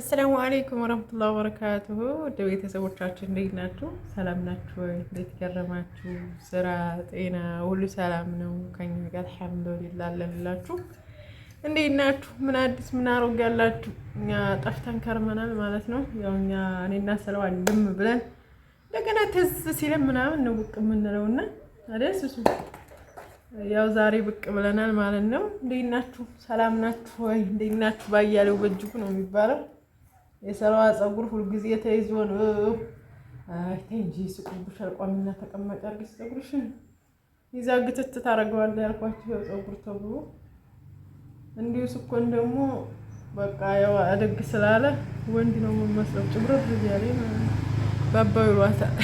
አሰላሙ አሌይኩም ወረህመቱላሂ ወበረካቱሁ ውድ ቤተሰቦቻችን እንዴት ናችሁ? ሰላም ናችሁ? እንዴት ገረማችሁ? ስራ፣ ጤና ሁሉ ሰላም ነው? ከኛ ጋር አልሐምዱሊላህ አለንላችሁ። እንዴት ናችሁ? ምን አዲስ ምን አሮጌ ያላችሁ? እኛ ጠፍተን ከርመናል ማለት ነው። ያው እኛ እኔና ሰለዋ ድም ብለን እንደገና ትዝ ሲለን ምናምን ነው ብቅ የምንለው እና አደስ ያው ዛሬ ብቅ ብለናል ማለት ነው። እንዴት ናችሁ? ሰላም ናችሁ ወይ? እንዴት ናችሁ? ባያሌው በእጅጉ ነው የሚባለው የሰራዋ ፀጉር ሁልጊዜ ተይዞ ነው። አይ ተይ እንጂ ስቁብሻል። ቋሚና ተቀማጭ አድርገሽ ፀጉርሽን ይዛ ግትት ታደርገዋለህ ያልኳቸው ፀጉር ተብሎ እንዲሁ ስኮን ደግሞ በቃ ያው አደግ ስላለ ወንድ ነው የምመስለው። ጭብረብ ያለ ባባው ይሏታል።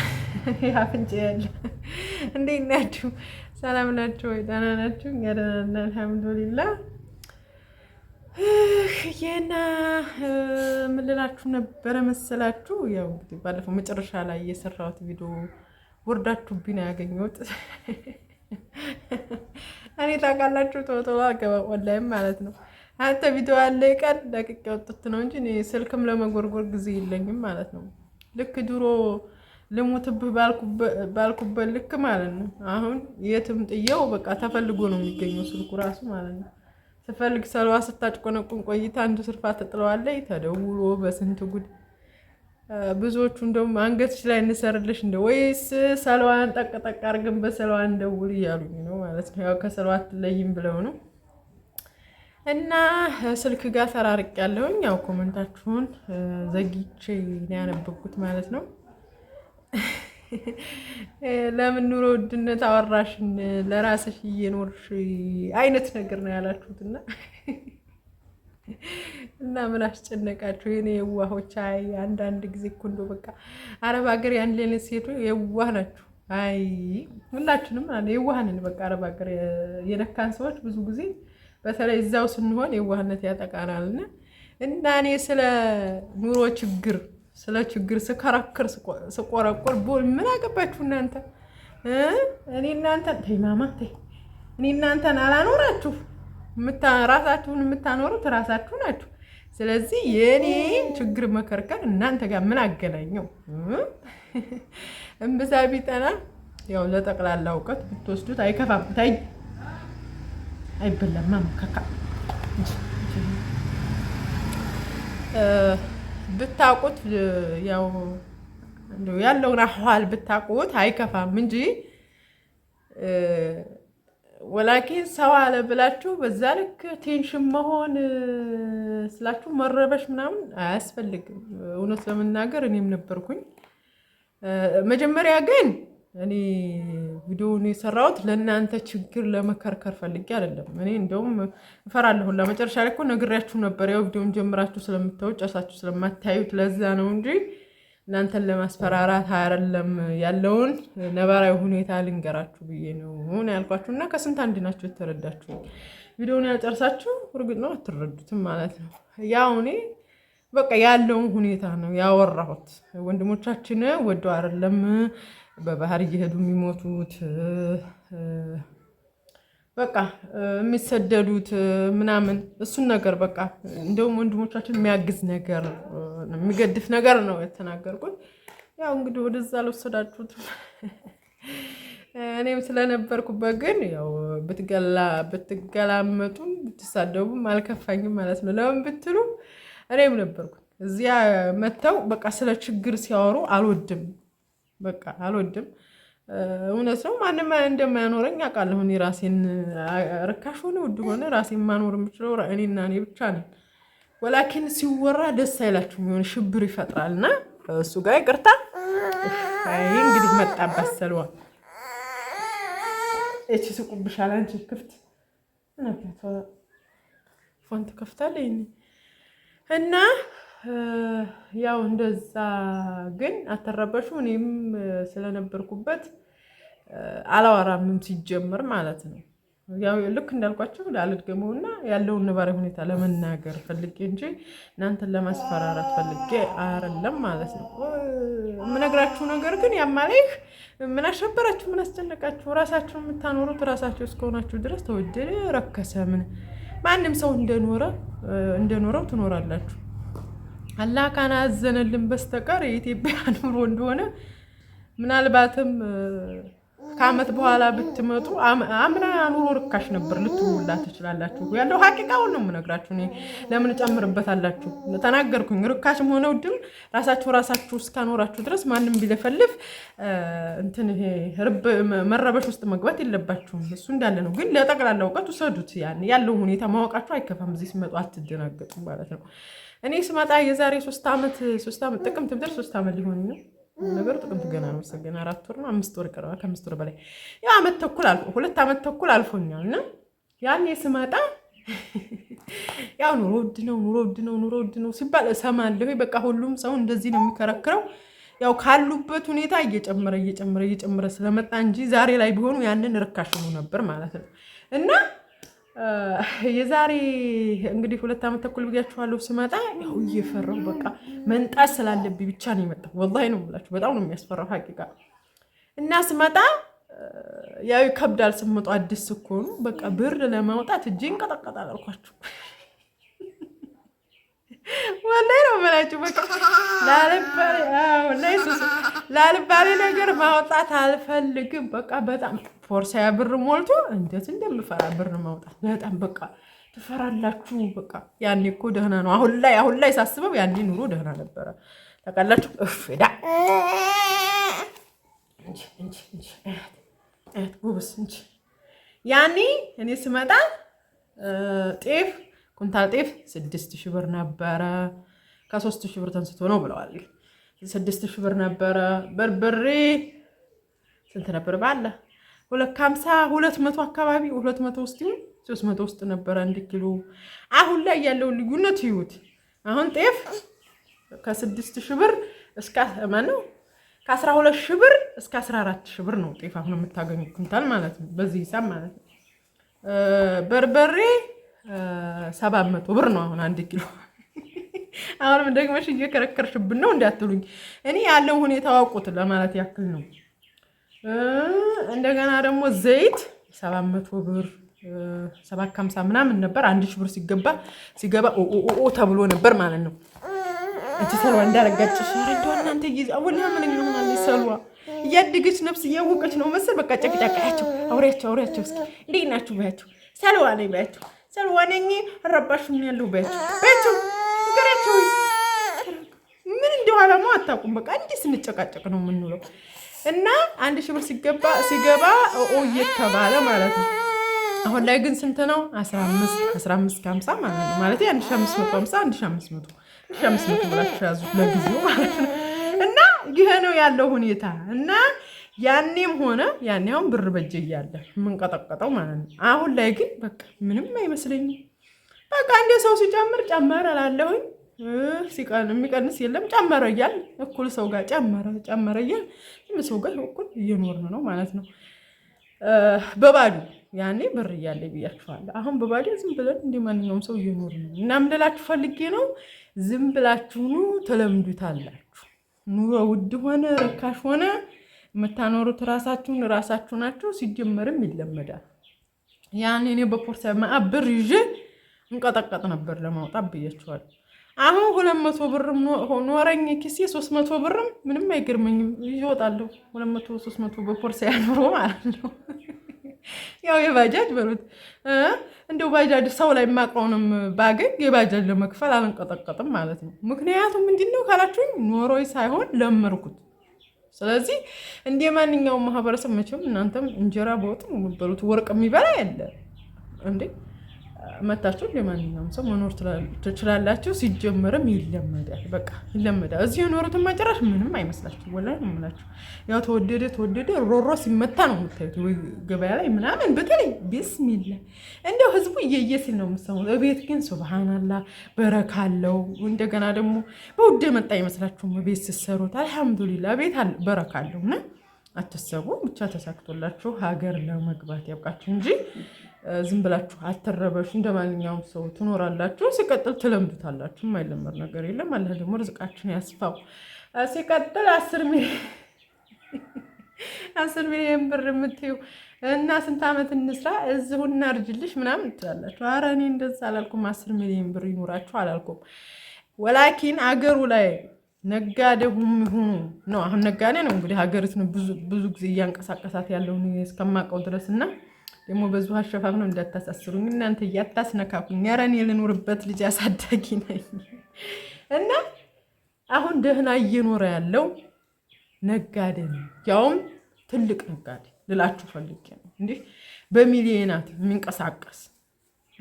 አፍንጫ ያለ እንዴት ናችሁ? ሰላም ናችሁ ወይ? ደህና ናችሁ? እኛ ደህና ነን፣ አልሐምዱሊላህ ይህና ምን ልላችሁ ነበረ መሰላችሁ? ያው እንግዲህ ባለፈው መጨረሻ ላይ የሰራሁት ቪዲዮ ወርዳችሁብኝ ነው ያገኘሁት። እኔ ታውቃላችሁ፣ ቶቶዋ ገባ ኦንላይን ማለት ነው። አንተ ቪዲዮ ያለ ቀን ለቅቄ ወጡት ነው እንጂ እኔ ስልክም ለመጎርጎር ጊዜ የለኝም ማለት ነው። ልክ ድሮ ልሙትብህ ባልኩበት ልክ ማለት ነው። አሁን የትም ጥየው በቃ ተፈልጎ ነው የሚገኘው ስልኩ ራሱ ማለት ነው። ስትፈልግ ሰልዋ ስታጭቆነቁን ቆይታ አንዱ ስርፋ ትጥለዋለች። ተደውሎ በስንት ጉድ ብዙዎቹ እንደውም አንገትሽ ላይ እንሰርልሽ እንደ ወይስ ሰልዋን ጠቅጠቅ አድርገን በሰልዋ እንደውል እያሉኝ ነው ማለት ነው። ያው ከሰልዋ አትለይም ብለው ነው እና ስልክ ጋር ተራርቅ ያለውኝ ያው ኮመንታችሁን ዘግቼ ያነበብኩት ማለት ነው። Eh, ለምን ኑሮ ውድነት አወራሽን ለራስሽ እየኖርሽ አይነት ነገር ነው ያላችሁት እና ምን አስጨነቃችሁ? የኔ የዋሆች። አይ አንዳንድ ጊዜ እኮ እንደው በቃ አረብ ሀገር ያን ሌለ ሴቶ የዋህ ናችሁ። አይ ሁላችንም የዋህንን በቃ አረብ ሀገር የነካን ሰዎች ብዙ ጊዜ በተለይ እዛው ስንሆን የዋህነት ያጠቃናልና እና እኔ ስለ ኑሮ ችግር ስለ ችግር ስከራከር ስቆረቆር ቦል ምን አገባችሁ እናንተ? እኔ እናንተን ተይ ማማ ተይ። እኔ እናንተን አላኖራችሁ ራሳችሁን የምታኖሩት ራሳችሁ ናችሁ። ስለዚህ የእኔን ችግር መከርከር እናንተ ጋር ምን አገናኘው? እምብዛ ቢጠና ያው ለጠቅላላ እውቀት ብትወስዱት አይከፋም። ታይ አይበላማ ብታውቁት ያው ያለውን አኋል ብታውቁት አይከፋም እንጂ ወላኪን ሰው አለ ብላችሁ በዛ ልክ ቴንሽን መሆን ስላችሁ መረበሽ ምናምን አያስፈልግም። እውነት ለመናገር እኔም ነበርኩኝ መጀመሪያ ግን እኔ ቪዲዮውን የሰራሁት ለእናንተ ችግር ለመከርከር ፈልጌ አይደለም። እኔ እንደውም እፈራለሁ። ለመጨረሻ ላይ እኮ ነግሬያችሁ ነበር። ያው ቪዲዮውን ጀምራችሁ ስለምታዩ ጨርሳችሁ ስለማታዩት ለዛ ነው እንጂ እናንተን ለማስፈራራት አይደለም። ያለውን ነባራዊ ሁኔታ ልንገራችሁ ብዬ ነው ሆን ያልኳችሁ እና ከስንት አንድ ናቸው የተረዳችሁ። ቪዲዮውን ያልጨርሳችሁ እርግጥ ነው አትረዱትም ማለት ነው። ያው እኔ በቃ ያለውን ሁኔታ ነው ያወራሁት። ወንድሞቻችን ወደው አይደለም በባህር እየሄዱ የሚሞቱት በቃ የሚሰደዱት ምናምን እሱን ነገር በቃ እንደውም ወንድሞቻችን የሚያግዝ ነገር የሚገድፍ ነገር ነው የተናገርኩት። ያው እንግዲህ ወደዛ አልወሰዳችሁትም እኔም ስለነበርኩበት ግን ያው ብትገላመጡም ብትሳደቡም አልከፋኝም ማለት ነው። ለምን ብትሉ እኔም ነበርኩ እዚያ መጥተው በቃ ስለ ችግር ሲያወሩ አልወድም። በቃ አልወድም። እውነት ነው። ማንም እንደማያኖረኝ አውቃለሁ። እኔ ራሴን ርካሽ ሆነ ውድ ሆነ ራሴን ማኖር የምችለው እኔና እኔ ብቻ ነን። ወላኪን ሲወራ ደስ አይላችሁም፣ የሆነ ሽብር ይፈጥራል። እና እሱ ጋር ይቅርታ እንግዲህ መጣባት ሰልዋ እቺ ስቁብሻል። አንቺ ክፍት ፎንት ትከፍታለህ እና ያው እንደዛ ግን አተረበሹ እኔም ስለነበርኩበት አላወራምም ሲጀምር ማለት ነው። ያው ልክ እንዳልኳቸው ላልድገመውና ያለውን ነባሪ ሁኔታ ለመናገር ፈልጌ እንጂ እናንተን ለማስፈራራት ፈልጌ አይደለም ማለት ነው። የምነግራችሁ ነገር ግን ያማሌህ ምን አሸበራችሁ? ምን አስጨነቃችሁ? ራሳችሁን የምታኖሩት ራሳችሁ እስከሆናችሁ ድረስ ተወደደ ረከሰ ምን ማንም ሰው እንደኖረ እንደኖረው ትኖራላችሁ። አላህ ካላዘነልን በስተቀር የኢትዮጵያ ኑሮ እንደሆነ ምናልባትም ከአመት በኋላ ብትመጡ አምና ኑሮ ርካሽ ነበር ልትውላ ትችላላችሁ። ያለው ሀቂቃውን ነው የምነግራችሁ። ለምን እጨምርበታላችሁ? ተናገርኩኝ። ርካሽም ሆነ ውድም ራሳችሁ ራሳችሁ እስካኖራችሁ ድረስ ማንም ቢለፈልፍ እንትን ይሄ መረበሽ ውስጥ መግባት የለባችሁም። እሱ እንዳለ ነው። ግን ለጠቅላላ እውቀት ውሰዱት። ያለው ሁኔታ ማወቃችሁ አይከፋም። እዚህ ሲመጡ አትደናገጡ ማለት ነው። እኔ ስመጣ የዛሬ ሶስት ዓመት ሶስት ዓመት ጥቅምት ብደር ሶስት ዓመት ሊሆን ነው ነገሩ። ጥቅምት ገና ነው መሰገን አራት ወር ነው አምስት ወር ቀረዋል። ከአምስት ወር በላይ ያው ዓመት ተኩል አልፎ ሁለት ዓመት ተኩል አልፎኛል። እና ያኔ ስመጣ ያው ኑሮ ውድ ነው ኑሮ ውድ ነው ኑሮ ውድ ነው ሲባል እሰማለሁ። በቃ ሁሉም ሰው እንደዚህ ነው የሚከረክረው። ያው ካሉበት ሁኔታ እየጨመረ እየጨመረ እየጨመረ ስለመጣ እንጂ ዛሬ ላይ ቢሆኑ ያንን ርካሽ ሆኖ ነበር ማለት ነው እና የዛሬ እንግዲህ ሁለት ዓመት ተኩል ብያችኋለሁ። ስመጣ ያው እየፈራሁ በቃ መንጣት ስላለብኝ ብቻ ነው የመጣሁ። ወላሂ ነው የምላችሁ፣ በጣም ነው የሚያስፈራው ሀቂቃ። እና ስመጣ ያው ይከብዳል። ስመጣ አዲስ ስኮኑ በቃ ብር ለማውጣት እጅ ቀጠቀጣል አልኳችሁ። ወላይ ነው የምላችሁ። በቃ ላልባሌ ነገር ማውጣት አልፈልግም። በቃ በጣም ፖርሳያ ብር ሞልቶ እንዴት እንደምፈራ ብር ማውጣት በጣም በቃ ትፈራላችሁ። በቃ ያኔ እኮ ደህና ነው። አሁን ላይ አሁን ላይ ሳስበው ያኔ ኑሮ ደህና ነበረ። ታውቃላችሁ እፍዳ ጉብስ እንጂ ያኔ እኔ ስመጣ ጤፍ ኩንታል ጤፍ ስድስት ሺህ ብር ነበረ። ከሶስት ሺህ ብር ተንስቶ ነው ብለዋል። ስድስት ሺህ ብር ነበረ። በርበሬ ስንት ነበር? ባለ ሁለት ከሀምሳ ሁለት መቶ አካባቢ ሁለት መቶ ውስጥ ይሁን ሶስት መቶ ውስጥ ነበረ አንድ ኪሎ። አሁን ላይ ያለውን ልዩነት ይዩት። አሁን ጤፍ ከስድስት ሺህ ብር እስከ ማነው ከአስራ ሁለት ሺህ ብር እስከ አስራ አራት ሺህ ብር ነው ጤፍ አሁን የምታገኙ ኩንታል ማለት ነው። በዚህ ሂሳብ ማለት ነው በርበሬ ሰባት መቶ ብር ነው አሁን አንድ ኪሎ። አሁንም ደግመሽ እየከረከርሽብን ነው እንዳትሉኝ፣ እኔ ያለው ሁኔታ አውቁት ለማለት ያክል ነው። እንደገና ደግሞ ዘይት ሰባት መቶ ብር ሰባት ከሀምሳ ምናምን ነበር። አንድ ሺህ ብር ሲገባ ሲገባ ኦ ተብሎ ነበር ማለት ነው። እቺ ሰልዋ እንዳረጋጭሽ ረዳዋ እናንተ ጊዜ አወላ ምን ሆናል? ሰልዋ እያደገች ነፍስ እያወቀች ነው መሰል። በቃ ጨቅጫቃያቸው አውሪያቸው አውሪያቸው። እስኪ እንዴት ናችሁ ባያቸው፣ ሰልዋ ነኝ ባያቸው ወነኝ ረባሽኝ ያለው ቤት ቤቱ ገረቹ ምን እንደው አላማው አታውቁም። በቃ እንዲህ ስንጨቃጨቅ ነው የምንውለው እና አንድ ሺህ ብር ሲገባ ሲገባ ኦ እየተባለ ማለት ነው። አሁን ላይ ግን ስንት ነው? 15 15 ማለት ነው ማለት 1550 1500 1500 ብላችሁ ያዙት ለጊዜው ማለት ነው እና ይሄ ነው ያለው ሁኔታ እና ያኔም ሆነ ያኔ አሁን ብር በጀ እያለ የምንቀጠቀጠው ማለት ነው። አሁን ላይ ግን በቃ ምንም አይመስለኝም። በቃ እንደ ሰው ሲጨምር ጨመረ ላለሁኝ የሚቀንስ የለም ጨመረ እያል እኩል ሰው ጋር ጨመረ ጨመረ እያል ሰው ጋር እኩል እየኖርን ነው ማለት ነው። በባዶ ያኔ ብር እያለ ብያችኋለሁ። አሁን በባዶ ዝም ብለን እንደ ማንኛውም ሰው እየኖርን ነው እና ምንላችሁ ፈልጌ ነው፣ ዝም ብላችሁ ተለምዱታላችሁ። ኑሮ ውድ ሆነ ረካሽ ሆነ የምታኖሩት ራሳችሁን ራሳችሁ ናቸው። ሲጀመርም ይለመዳል። ያን እኔ በፖርሳ ማዕብር ይዤ እንቀጠቀጥ ነበር ለማውጣት ብያችኋል። አሁን ሁለት መቶ ብርም ኖረኝ ኪሴ ሶስት መቶ ብርም ምንም አይገርመኝም። ይወጣለሁ ሁለት መቶ ሶስት መቶ በፖርሳ ያኖሮ ማለት ነው። ያው የባጃጅ በሉት እንደው ባጃጅ ሰው ላይ የማውቀውንም ባገኝ የባጃጅ ለመክፈል አልንቀጠቀጥም ማለት ነው። ምክንያቱም ምንድነው ካላችሁኝ ኖሮይ ሳይሆን ለመርኩት ስለዚህ እንደ ማንኛውም ማህበረሰብ መቼም እናንተም እንጀራ በወጥ ነው የምትበሉት። ወርቅ የሚበላ ያለ እንዴ መታችሁ ለማንኛውም ሰው መኖር ትችላላችሁ። ሲጀመርም ይለመዳል፣ በቃ ይለመዳል። እዚህ የኖሩትን መጨረሽ ምንም አይመስላችሁ። ወላ ምላችሁ ያው ተወደደ ተወደደ ሮሮ ሲመታ ነው የምታዩት፣ ገበያ ላይ ምናምን። በተለይ ቢስሚላ እንደው ህዝቡ እየየ ሲል ነው የምሰሙት። እቤት ግን ሱብሃናላ በረካለው። እንደገና ደግሞ በውድ መጣ አይመስላችሁም? ቤት ስትሰሩት አልሐምዱሊላ ቤት በረካለው እና አትሰቡ ብቻ ተሳክቶላችሁ ሀገር ለመግባት ያብቃችሁ እንጂ ዝም ብላችሁ አተረበሽ እንደ ማንኛውም ሰው ትኖራላችሁ። ሲቀጥል ትለምዱታላችሁ። የማይለመድ ነገር የለም። አለ ደግሞ ርዝቃችን ያስፋው። ሲቀጥል አስር አስር ሚሊዮን ብር የምትዩ እና ስንት ዓመት እንስራ እዚሁና እርጅልሽ ምናምን ትላላችሁ። አረ እኔ እንደዛ አላልኩም። አስር ሚሊዮን ብር ይኖራችሁ አላልኩም። ወላኪን አገሩ ላይ ነጋዴ ሁኑ ነው። አሁን ነጋዴ ነው እንግዲህ ሀገሪቱን ብዙ ጊዜ እያንቀሳቀሳት ያለውን እስከማውቀው ድረስ እና ደግሞ በዙ አሸፋፍ ነው እንዳታሳስሩኝ እናንተ እያታስነካኩኝ። ኧረ እኔ ልኖርበት ልጅ አሳዳጊ ነኝ እና አሁን ደህና እየኖረ ያለው ነጋዴ ነው፣ ያውም ትልቅ ነጋዴ ልላችሁ ፈልጌ ነው። እንዲህ በሚሊዮናት የሚንቀሳቀስ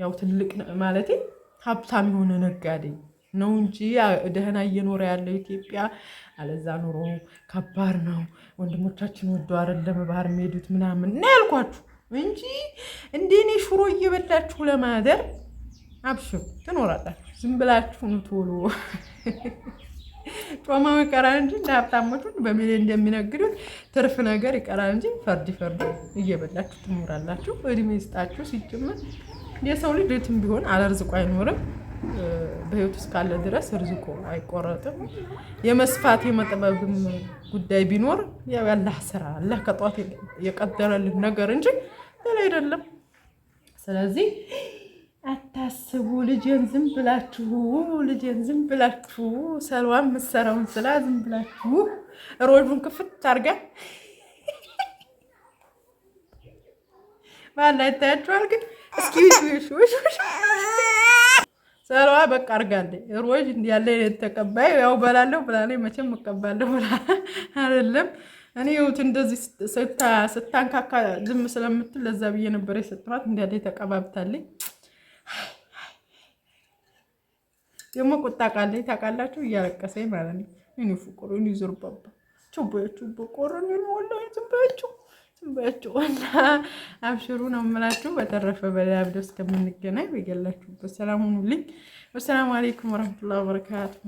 ያው ትልቅ ማለት ሀብታም የሆነ ነጋዴ ነው እንጂ ደህና እየኖረ ያለው ኢትዮጵያ አለዛ ኑሮ ከባድ ነው። ወንድሞቻችን ወደ አይደለም ባህር የሚሄዱት ምናምን እና ያልኳችሁ። እንጂ እንደ ሽሮ እየበላችሁ ለማደር አብሽሩ ትኖራላችሁ። ዝም ብላችሁ ቶሎ ጮማ ይቀራል እንጂ እንደ ሀብታሞቹ በሚል እንደሚነግዱት ትርፍ ነገር ይቀራል እንጂ ፈርድ ፈርድ እየበላችሁ ትኖራላችሁ። እድሜ ይስጣችሁ። ሲጭምር የሰው ልጅ የትም ቢሆን አለርዝቆ አይኖርም። በህይወት ውስጥ ካለ ድረስ እርዝቆ አይቆረጥም። የመስፋት የመጥበብም ጉዳይ ቢኖር ያው ያላህ ስራ አላህ ከጠዋት የቀደረልን ነገር እንጂ ሌላ አይደለም። ስለዚህ አታስቡ። ልጄን ዝም ብላችሁ ልጄን ዝም ብላችሁ ሰልዋ ምሰራውን ስላ ዝም ብላችሁ ሮጁን ክፍት አርጋ ባላ ይታያችኋል። ግን እስኪ ሰሯ በቃ አርጋለች ሮዝ ያለ ተቀባይ ያው በላለሁ ብላ መቼም እቀባለሁ ብላ አይደለም። እኔ ይኸውት እንደዚህ ስታንካካ ዝም ስለምትል ለዛ ብዬ ነበር የሰጠኋት። እንዲያለ ተቀባብታለኝ ደግሞ ቁጣ ቃለኝ ታውቃላችሁ፣ እያለቀሰኝ ማለት ነው። እኔ ፍቅሩ እኔ ዞር ባባ ችቦያችሁ በቆረን ወላ ዝም በያችሁ በጭቆና አብሽሩ ነው የምላችሁ። በተረፈ በሌላ ቪዲዮ እስከምንገናኝ በያላችሁበት ሰላም ሁኑልኝ። ወሰላሙ አሌይኩም ወረህመቱላሂ ወበረካቱሁ።